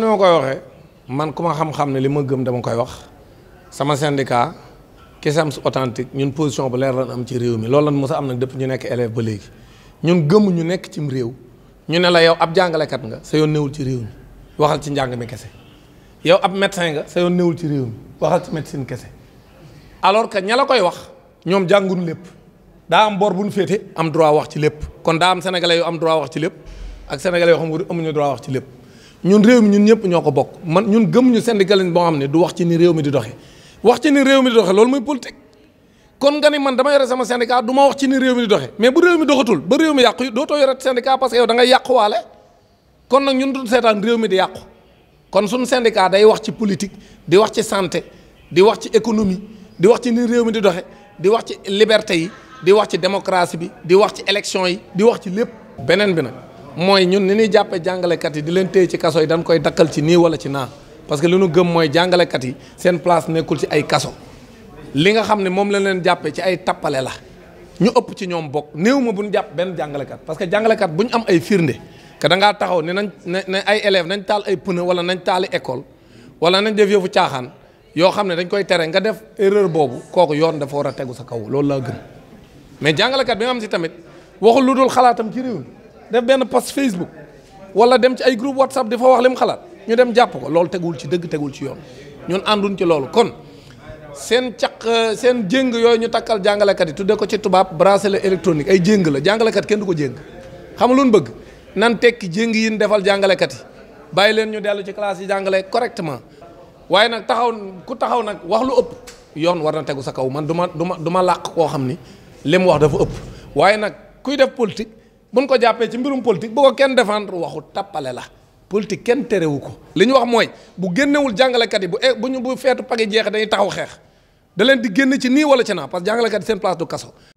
ni ma koy waxee man ku ma xam-xam ne li ma gëm dama koy wax sama syndicat Cusems authentique ñun position bu leer lan am ci réew mi loolu lan mos a am na depuis ñu nekk élève ba léegi ñun gëmu ñu nekk cim réew ñu ne la yow ab jàngalekat nga sa yoon newul ci réew mi waxal ci njàng mi kese yow ab médecin nga sa yoon ci réew mi waxal ci médecine kese alors que ña la koy wax ñoom jàngun lépp daa am bor bu ñu féete am droit wax ci lépp kon daa am sénégalais yu am droit wax ci lépp ak sénégalais yoo xam amuñu droit wax ci lépp ñun réew mi ñun ñëpp ñoo ko bokk man ñun gëmuñu syndicalisme boo xam ne du wax ci ni réew mi di doxe wax ci ni réew mi di doxee loolu mooy politique. kon nga ni man dama sama syndicat du ma wax ci ni réew mi doxee mais bu réew mi doxatul ba réew mi yàqu dootoo yore syndicat parce que yow da ngay yàquwaale kon nag ñun du seetaan réew mi di yàqu kon suñu syndicat day wax ci politique di wax ci santé di wax ci économie di wax ci ni réew mi di doxe di wax ci liberté yi di wax ci démocratie bi di wax ci élection yi di wax ci lépp beneen bi nag mooy ñun ni ñuy jàppe jàngalekat yi di leen téye ci kaso yi dañ koy dakkal ci nii ci naa parce que li ñu gëm mooy jàngalekat yi seen place nekkul ci ay kaso li nga xam ne moom lañ leen jàppe ci ay tappale la ñu ëpp ci ñoom bokk néew ma bu ñu jàpp benn jàngalekat parce que jàngalekat bu ñu am ay firnde que da taxaw ne nañ ne ay élèves nañ taal ay pneu wala nañ taali école wala nañ def yëfu caaxaan yoo xam ne dañ koy tere nga def erreur boobu kooku yoon dafa war a tegu sa kaw loolu laa gën mais jàngalekat bi nga xam si tamit waxul lu dul xalaatam ci réew mi def benn post Facebook wala dem ci ay groupe WhatsApp di fa wax li xalaat ñu dem jàpp ko loolu tegul ci dëgg tegul ci yoon ñun ànduñ ci loolu kon seen caq seen jéng yooyu ñu takkal jàngalekat yi tudde ko ci tubaab bracelet électronique ay jéng la jàngalekat kenn du ko jéng xam nga lu bëgg nan tekki jéng yi defal jàngalekat yi bàyyi leen ñu dellu ci classe yi jàngale correctement waaye nag taxaw ku taxaw nag wax lu ëpp yoon war na tegu sa kaw man du ma du làq koo xam ni li wax dafa ëpp waaye nag kuy def politique buñ ko jàppee ci mbirum politique bu ko kenn défendre waxu tappale la politique kenn terewu ko li ñu wax mooy bu génnewul jàngalekat yi bu e bu ñu bu feetu pagi jeex dañuy taxaw xeex da leen di génn ci nii wala ci naa parce jàngalekat yi seen place du kaso